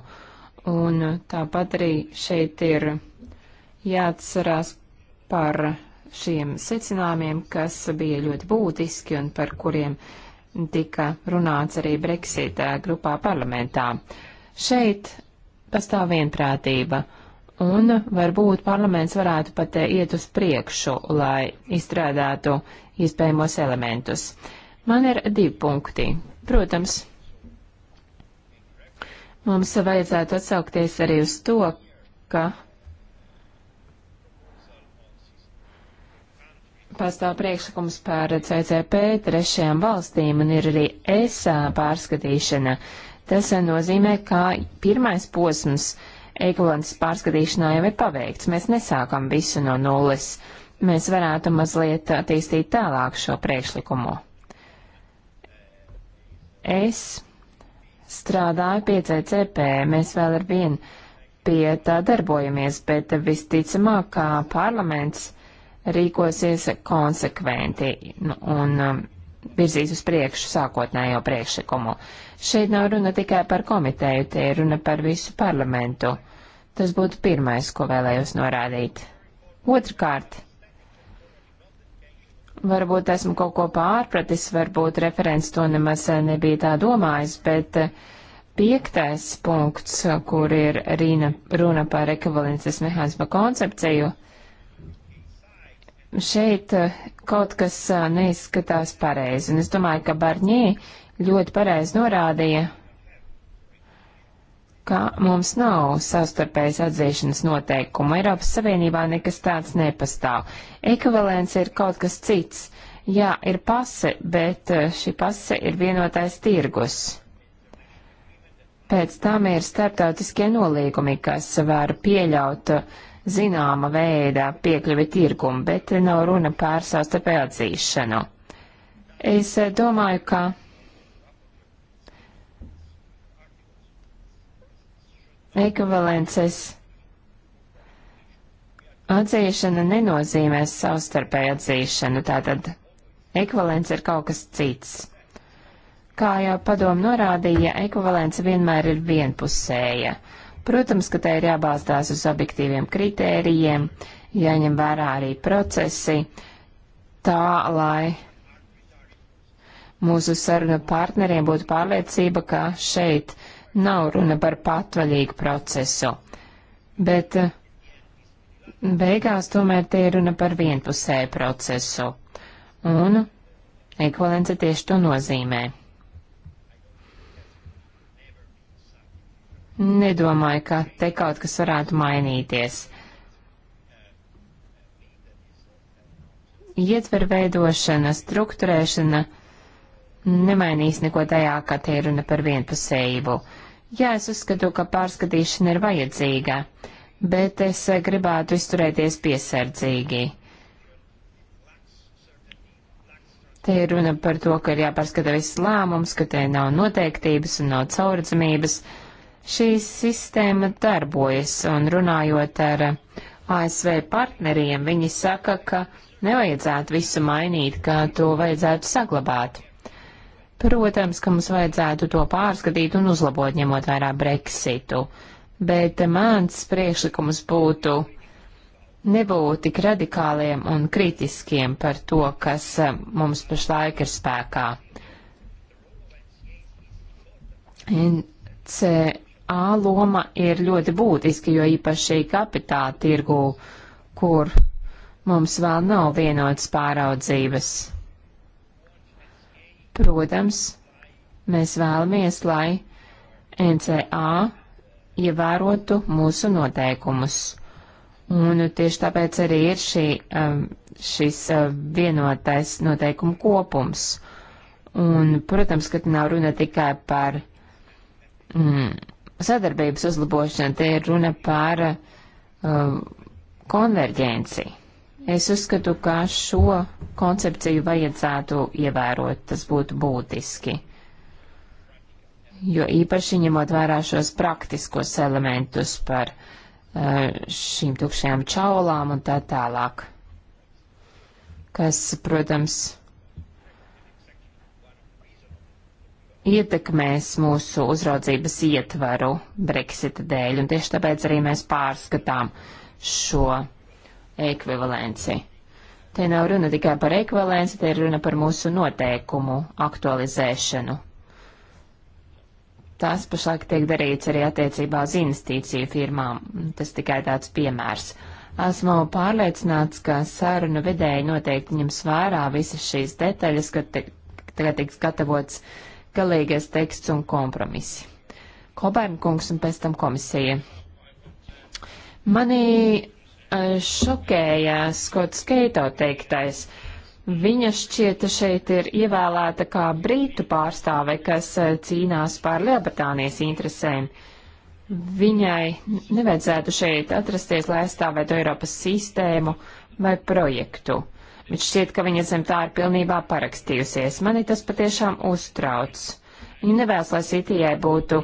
Un tāpat arī šeit ir jāatcerās par šiem secinājumiem, kas bija ļoti būtiski un par kuriem tika runāts arī Brexit eh, grupā parlamentā. Šeit pastāv vienprātība, un varbūt parlaments varētu pat eh, iet uz priekšu, lai izstrādātu iespējamos elementus. Man ir divi punkti. Protams, mums vajadzētu atsaukties arī uz to, ka pastāv priekšlikums par CCP trešajām valstīm un ir arī ESA pārskatīšana. Tas nozīmē, ka pirmais posms ekvivalents pārskatīšanā jau ir paveikts. Mēs nesākam visu no nulles. Mēs varētu mazliet attīstīt tālāk šo priekšlikumu. Es strādāju pie CCP, mēs vēl ar vienu pie tā darbojamies, bet visticamāk, kā parlaments rīkosies konsekventi nu, un um, virzīs uz priekšu sākotnējo priekšlikumu. Šeit nav runa tikai par komiteju, te ir runa par visu parlamentu. Tas būtu pirmais, ko vēlējos norādīt. Otrkārt, Varbūt esmu kaut ko pārpratis, varbūt referents to nemaz eh, nebija tā domājis, bet eh, piektais punkts, eh, kur ir rīna, runa par ekvivalences mehānisma koncepciju, šeit kaut kas neizskatās pareizi. Un es domāju, ka Barņī ļoti pareizi norādīja, ka mums nav savstarpējas atzīšanas noteikuma. Eiropas Savienībā nekas tāds nepastāv. Ekvivalents ir kaut kas cits. Jā, ir pase, bet eh, šī pase ir vienotais tirgus. Pēc tam ir starptautiskie nolīgumi, kas var pieļaut eh, zināma veida piekļuvi tirgumu, bet nav runa pār savstarpēju atzīšanu. Es eh, domāju, ka ekvivalences atzīšana nenozīmē savstarpēju atzīšanu, tātad ekvivalents ir kaut kas cits. Kā jau padomu norādīja, ekvivalents vienmēr ir vienpusēja. Protams, ka tai ir jābalstās uz objektīviem kritērijiem, jāņem vērā arī procesi, tā lai mūsu sarunu partneriem būtu pārliecība, ka šeit nav runa par patvaļīgu procesu, bet eh, beigās tomēr tie ir runa par vienpusēju procesu, un ekvalence tieši to nozīmē. Nedomāju, ka te kaut kas varētu mainīties. Ietver veidošana, struktūrēšana nemainīs neko tajā, kā tie runa par vienpusējību. Jā, es uzskatu, ka pārskatīšana ir vajadzīga, bet es gribētu izturēties piesardzīgi. Te ir runa par to, ka ir jāpārskata viss lēmums, ka te nav noteiktības un nav caurredzamības. Šī sistēma darbojas, un runājot ar ASV partneriem, viņi saka, ka nevajadzētu visu mainīt, ka to vajadzētu saglabāt. Protams, ka mums vajadzētu to pārskatīt un uzlabot, ņemot vērā Brexitu, bet mans priekšlikums būtu nebūt tik radikāliem un kritiskiem par to, kas eh, mums pašlaik ir spēkā. NCA loma ir ļoti būtiska, jo īpaši kapitāla tirgū, kur mums vēl nav vienotas pāraudzības. Protams, mēs vēlamies, lai NCA ievērotu mūsu noteikumus. Un tieši tāpēc arī ir šī, um, šis uh, vienotais noteikumu kopums. Un, protams, ka te nav runa tikai par mm, sadarbības uzlabošanu, te ir runa par uh, konverģenciju. Es uzskatu, ka šo koncepciju vajadzētu ievērot, tas būtu būtiski. Jo īpaši ņemot vērā šos praktiskos elementus par eh, šīm tukšajām čaulām un tā tālāk, kas, protams, ietekmēs mūsu uzraudzības ietvaru Brexita dēļ, un tieši tāpēc arī mēs pārskatām šo ekvivalenci. Te nav runa tikai par ekvivalenci, te ir runa par mūsu noteikumu aktualizēšanu. Tas pašlaik tiek darīts arī attiecībā uz investīciju firmām. Tas tikai tāds piemērs. Esmu pārliecināts, ka sarunu vedēji noteikti ņems vērā visas šīs detaļas, kad te, tagad tiks gatavots galīgais teksts un kompromisi. Kobērnkungs un pēc tam komisija. Mani Eh, šokēja Skots Keito teiktais. Viņa šķiet šeit ir ievēlēta kā brītu pārstāve, kas eh, cīnās par Lielbritānijas interesēm. Viņai nevajadzētu šeit atrasties, lai aizstāvētu Eiropas sistēmu vai projektu. Bet šķiet, ka viņa zem tā ir pilnībā parakstījusies. Mani tas patiešām uztrauc. Viņa nevēlas, lai Sītijai būtu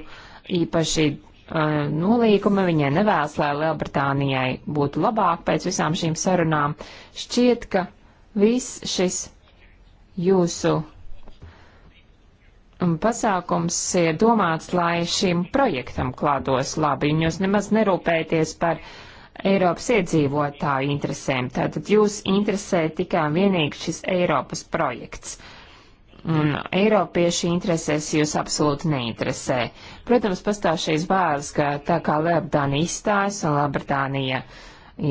īpaši Eh, nolīguma, viņa nevēlas, lai Lielbritānijai būtu labāk pēc visām šīm sarunām. Šķiet, ka viss šis jūsu mm, pasākums ir domāts, lai šim projektam klātos labi, un jūs nemaz nerūpēties par Eiropas iedzīvotāju interesēm. Tātad jūs interesē tikai un vienīgi šis Eiropas projekts. Uh, un Eiropiešu interesēs jūs absolūti neinteresē. Protams, pastāv šīs bāzes, ka tā kā Lielbritānija izstājas un Lielbritānija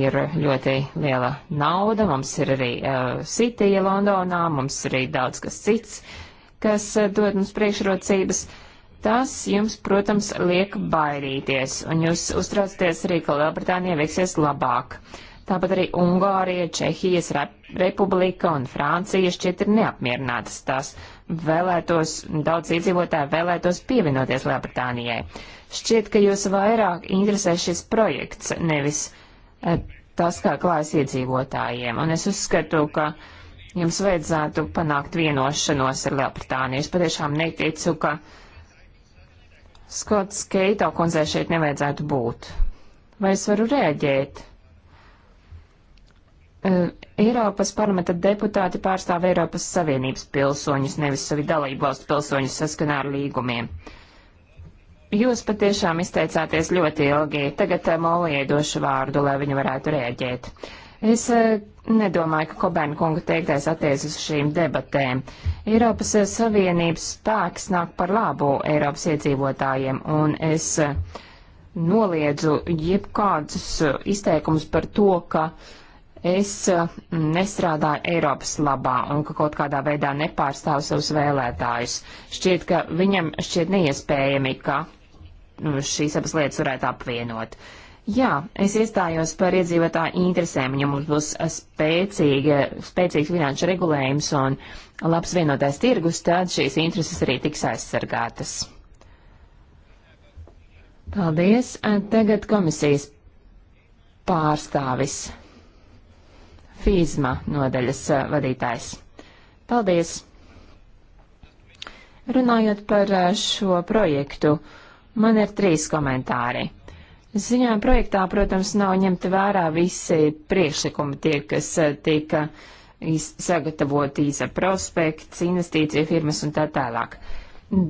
ir ļoti liela nauda, mums ir arī uh, City Londonā, mums ir arī daudz kas cits, kas uh, dod mums priekšrocības. Tas jums, protams, liek baidīties, un jūs uztraucaties arī, ka Lielbritānija veiksies labāk. Uh, Tāpat arī Ungārija, Čehijas republika un Francija šķiet ir neapmierinātas. Tās vēlētos, daudz iedzīvotāji vēlētos pievienoties Lielbritānijai. Šķiet, ka jūs vairāk interesē šis projekts, nevis eh, tas, kā klājas iedzīvotājiem. Un es uzskatu, ka jums vajadzētu panākt vienošanos ar Lielbritāniju. Es patiešām neticu, ka Skots Keito kundzē šeit nevajadzētu būt. Vai es varu rēģēt? Eh, Eiropas parlamenta deputāti pārstāv Eiropas Savienības pilsoņus, nevis savi dalību valstu pilsoņus saskanā ar līgumiem. Jūs patiešām izteicāties ļoti ilgi. Tagad eh, Molijai došu vārdu, lai viņa varētu rēģēt. Es eh, nedomāju, ka Kobēna kunga teiktais attiecas uz šīm debatēm. Eiropas Savienības spēks nāk par labu Eiropas iedzīvotājiem, un es noliedzu jebkādus izteikumus par to, ka uh, es eh, nestrādāju Eiropas labā un ka kaut kādā veidā nepārstāvu savus vēlētājus. Šķiet, ka viņam šķiet neiespējami, ka nu, šīs abas lietas varētu apvienot. Jā, es iestājos par iedzīvotāju interesēm, ja mums būs spēcīga, spēcīgs finanšu regulējums un labs vienotais tirgus, tad šīs intereses arī tiks aizsargātas. Paldies. Tagad komisijas pārstāvis. FIZMA nodaļas eh, vadītājs. Paldies! Runājot par eh, šo projektu, man ir trīs komentāri. Ziņojuma projektā, protams, nav ņemti vērā visi priekšlikumi tie, kas eh, tika sagatavoti īsa prospekts, investīcija firmas un tā tālāk.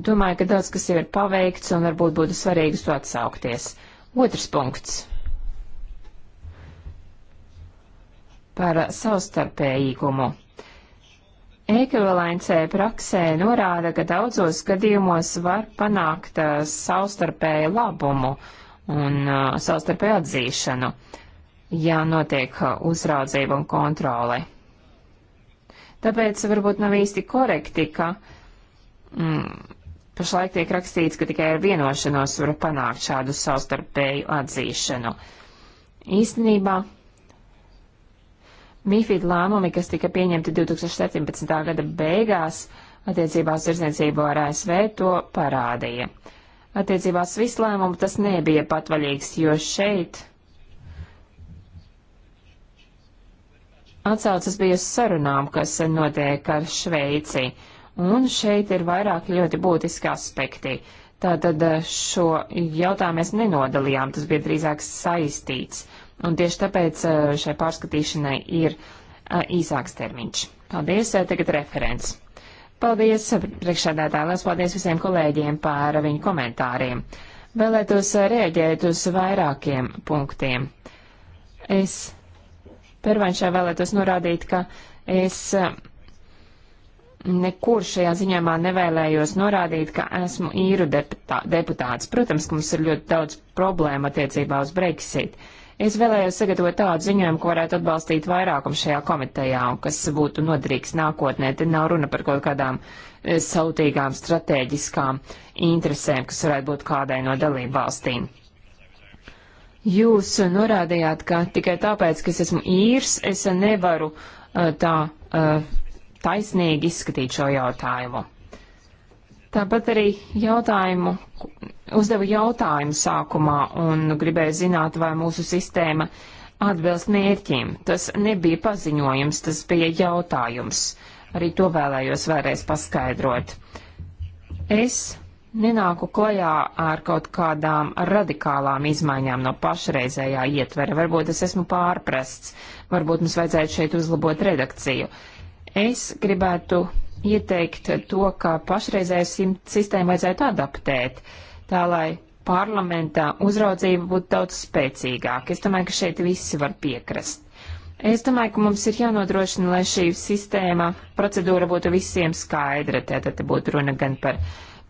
Domāju, ka daudz kas jau ir paveikts un varbūt būtu svarīgi uz to atsaukties. Otrs punkts. par savstarpējīgumu. Ekvivalencē praksē norāda, ka daudzos gadījumos var panākt uh, savstarpēju labumu un uh, savstarpēju atzīšanu, ja notiek uh, uzraudzība un kontrole. Tāpēc varbūt nav īsti korekti, ka mm, pašlaik tiek rakstīts, ka tikai ar vienošanos var panākt šādu savstarpēju atzīšanu. Īstenībā MIFID lēmumi, kas tika pieņemti 2017. gada beigās attiecībās tirdzniecību ar ASV, to parādīja. Attiecībās vislēmumu tas nebija patvaļīgs, jo šeit atsaucas bija uz sarunām, kas notiek ar Šveici, un šeit ir vairāk ļoti būtiski aspekti. Tātad eh, šo jautājumu mēs nenodalījām, tas bija drīzāk saistīts un tieši tāpēc eh, šai pārskatīšanai ir eh, īsāks termiņš. Paldies, eh, tagad referents. Paldies, priekšādātāji, liels paldies visiem kolēģiem par viņu komentāriem. Vēlētos rēģēt uz vairākiem punktiem. Es pervanšā vēlētos norādīt, ka es nekur šajā ziņojumā nevēlējos norādīt, ka esmu īru deputā, deputāts. Protams, ka mums ir ļoti daudz problēma attiecībā uz Brexit. Uh, Es vēlējos sagatavot tādu ziņojumu, ko varētu atbalstīt vairākumu šajā komitejā un kas būtu noderīgs nākotnē. Te nav runa par kaut kādām eh, sautīgām stratēģiskām interesēm, kas varētu būt kādai no dalību valstīm. Jūs norādījāt, ka tikai tāpēc, ka es esmu īrs, es nevaru eh, tā eh, taisnīgi izskatīt šo jautājumu. Tāpat arī jautājumu, uzdevu jautājumu sākumā un gribēju zināt, vai mūsu sistēma atbilst mērķiem. Tas nebija paziņojums, tas bija jautājums. Arī to vēlējos vēlreiz paskaidrot. Es nenāku klajā ar kaut kādām radikālām izmaiņām no pašreizējā ietvera. Varbūt es esmu pārprasts, varbūt mums vajadzētu šeit uzlabot redakciju. Es gribētu ieteikt to, ka pašreizēju sistēmu vajadzētu adaptēt, tā lai parlamentā uzraudzība būtu daudz spēcīgāka. Es domāju, ka šeit visi var piekrast. Es domāju, ka mums ir jānodrošina, lai šī sistēma, procedūra būtu visiem skaidra, tātad būtu runa gan par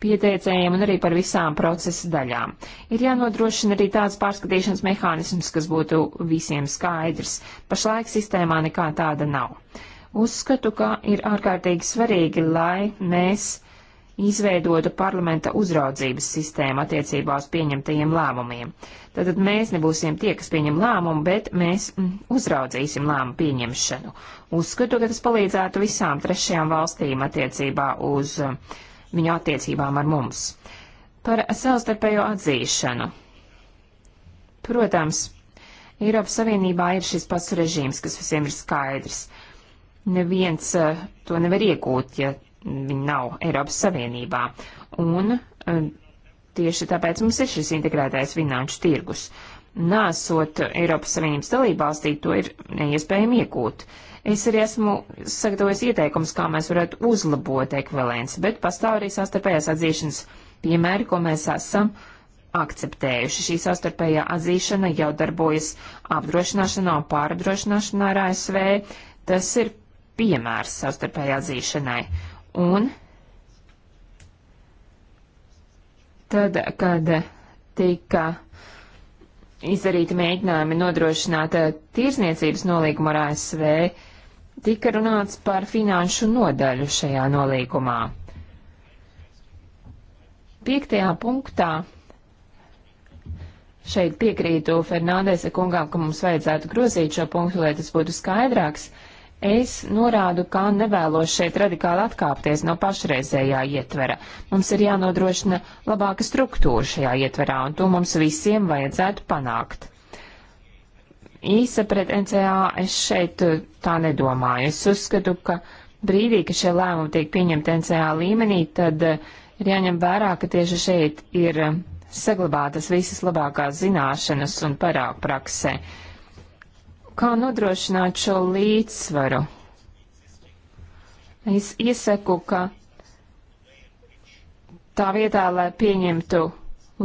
pieteicējiem un arī par visām procesa daļām. Ir jānodrošina arī tāds pārskatīšanas mehānisms, kas būtu visiem skaidrs. Pašlaik sistēmā nekā tāda nav. Uzskatu, ka ir ārkārtīgi svarīgi, lai mēs izveidotu parlamenta uzraudzības sistēmu attiecībā uz pieņemtajiem lēmumiem. Tātad mēs nebūsim tie, kas pieņem lēmumu, bet mēs mm, uzraudzīsim lēmumu pieņemšanu. Uzskatu, ka tas palīdzētu visām trešajām valstīm attiecībā uz mm, viņu attiecībām ar mums. Par savstarpējo atzīšanu. Protams, Eiropas Savienībā ir šis pats režīms, kas visiem ir skaidrs neviens eh, to nevar iegūt, ja viņi nav Eiropas Savienībā. Un eh, tieši tāpēc mums ir šis integrētais finanšu tirgus. Nāsot Eiropas Savienības dalībvalstī, to ir neiespējami iegūt. Es arī esmu sagatavojis ieteikums, kā mēs varētu uzlabot ekvivalents, bet pastāv arī sastarpējās atzīšanas piemēri, ko mēs esam akceptējuši. Šī sastarpējā atzīšana jau darbojas apdrošināšanā un pārdrošināšanā ar ASV. Tas ir piemērs savstarpējā atzīšanai. Un tad, kad tika izdarīti mēģinājumi nodrošināt eh, tirzniecības nolīgumu ar ASV, tika runāts par finanšu nodaļu šajā nolīgumā. Piektajā punktā šeit piekrītu Fernandesa kungām, ka mums vajadzētu grozīt šo punktu, lai tas būtu skaidrāks, Es norādu, kā nevēlos šeit radikāli atkāpties no pašreizējā ietvera. Mums ir jānodrošina labāka struktūra šajā ietverā, un to mums visiem vajadzētu panākt. Īsa pret NCA es šeit uh, tā nedomāju. Es uzskatu, ka brīdī, ka šie lēmumi tiek pieņemti NCA līmenī, tad uh, ir jāņem vērā, ka tieši šeit ir uh, saglabātas visas labākās zināšanas un parāk praksē kā nodrošināt šo līdzsvaru. Es iesaku, ka tā vietā, lai pieņemtu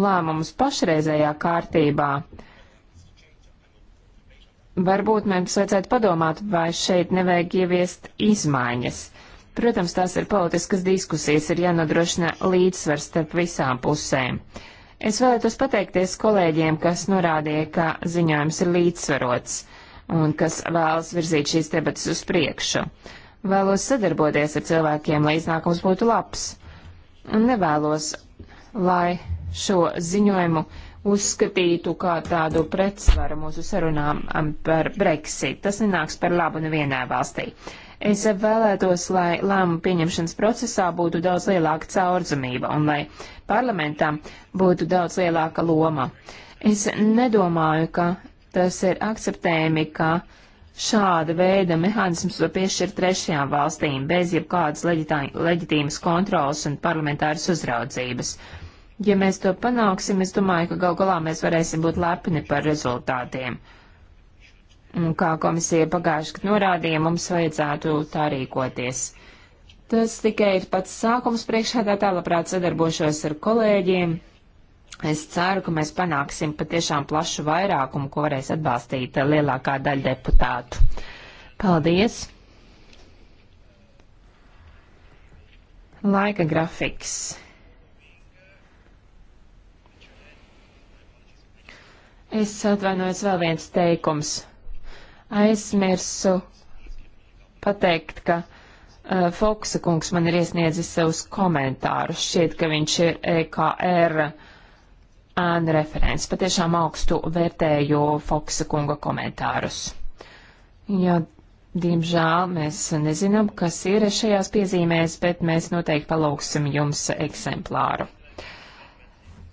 lēmumus pašreizējā kārtībā, varbūt mums vajadzētu padomāt, vai šeit nevajag ieviest izmaiņas. Protams, tās ir politiskas diskusijas, ir jānodrošina līdzsvars starp visām pusēm. Es vēlētos pateikties kolēģiem, kas norādīja, ka ziņojums ir līdzsvarots un kas vēlas virzīt šīs debatas uz priekšu. Vēlos sadarboties ar cilvēkiem, lai iznākums būtu labs. Un nevēlos, lai šo ziņojumu uzskatītu kā tādu pretsvaru mūsu sarunām um, par Brexit. Tas nenāks par labu nevienai valstī. Es vēlētos, lai lēmumu pieņemšanas procesā būtu daudz lielāka caurdzamība un lai parlamentam būtu daudz lielāka loma. Es nedomāju, ka tas ir akceptējami, ka šāda veida mehānisms var piešķirt trešajām valstīm bez jebkādas leģitīmas kontrolas un parlamentāras uzraudzības. Ja mēs to panāksim, es domāju, ka gal galā mēs varēsim būt lepni par rezultātiem. Un kā komisija pagājuši, kad norādīja, mums vajadzētu tā rīkoties. Tas tikai ir pats sākums priekšādā tā labprāt sadarbošos ar kolēģiem, Es ceru, ka mēs panāksim patiešām plašu vairākumu, ko varēs atbalstīt lielākā daļa deputātu. Paldies! Laika grafiks. Es atvainojos vēl viens teikums. Aizmirsu pateikt, ka uh, Foksa kungs man ir iesniedzis savus komentārus. Šķiet, ka viņš ir EKR. Uh, ēnu referents. Patiešām augstu vērtēju Foksa kunga komentārus. Jā, diemžēl mēs nezinām, kas ir šajās piezīmēs, bet mēs noteikti palūksim jums eksemplāru.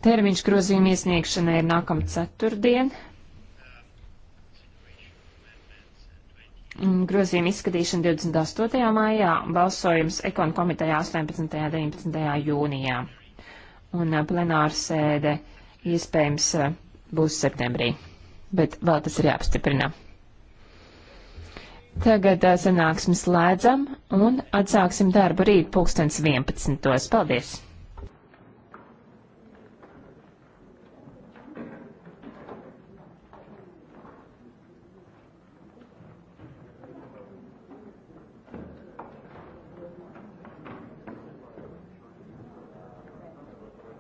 Termiņš grozījuma iesniegšanai ir nākamā ceturtdien. Grozījuma izskatīšana 28. maijā, balsojums ekonu komitejā 18. un 19. jūnijā. Un plenāra sēde iespējams eh, būs septembrī, bet vēl tas ir jāapstiprina. Tagad eh, sanāksmes slēdzam un atsāksim darbu rīt pulkstens 11. Paldies!